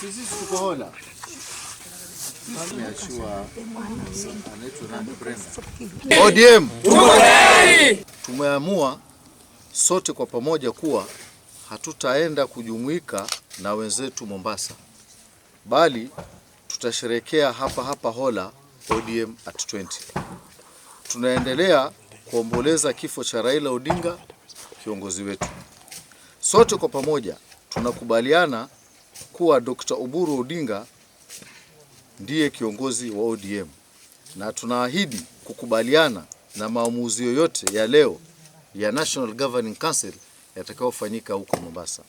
Sisi ODM tumeamua sote kwa pamoja kuwa hatutaenda kujumuika na wenzetu Mombasa, bali tutasherekea hapa hapa Hola ODM at 20. Tunaendelea kuomboleza kifo cha Raila Odinga kiongozi wetu. Sote kwa pamoja tunakubaliana kuwa Dr. Oburu Odinga ndiye kiongozi wa ODM na tunaahidi kukubaliana na maamuzi yoyote ya leo ya National Governing Council yatakayofanyika huko Mombasa.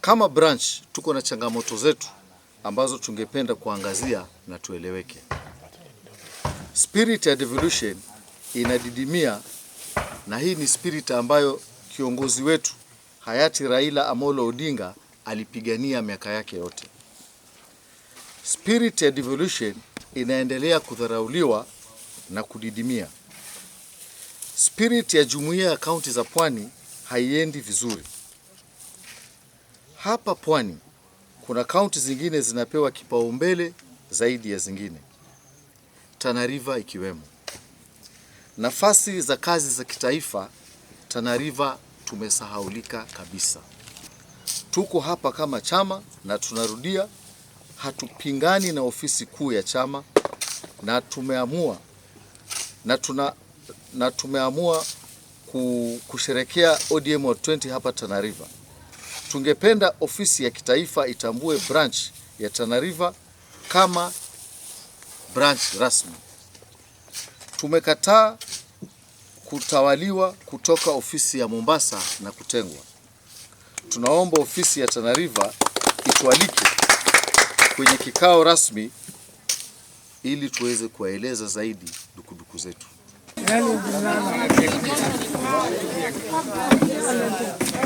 Kama branch tuko na changamoto zetu ambazo tungependa kuangazia na tueleweke. Spirit ya devolution inadidimia, na hii ni spirit ambayo kiongozi wetu hayati Raila Amolo Odinga alipigania miaka yake yote. Spirit ya devolution inaendelea kudharauliwa na kudidimia. Spirit ya jumuiya ya kaunti za pwani haiendi vizuri. Hapa pwani kuna kaunti zingine zinapewa kipaumbele zaidi ya zingine, Tana River ikiwemo. Nafasi za kazi za kitaifa Tana River tumesahaulika kabisa. Tuko hapa kama chama na tunarudia, hatupingani na ofisi kuu ya chama na tumeamua, na tuna, na tumeamua kusherekea ODM wa 20 hapa Tana River. Tungependa ofisi ya kitaifa itambue branch ya Tana River kama branch rasmi. Tumekataa kutawaliwa kutoka ofisi ya Mombasa na kutengwa. Tunaomba ofisi ya Tana River itwalike kwenye kikao rasmi ili tuweze kuwaeleza zaidi dukuduku zetu.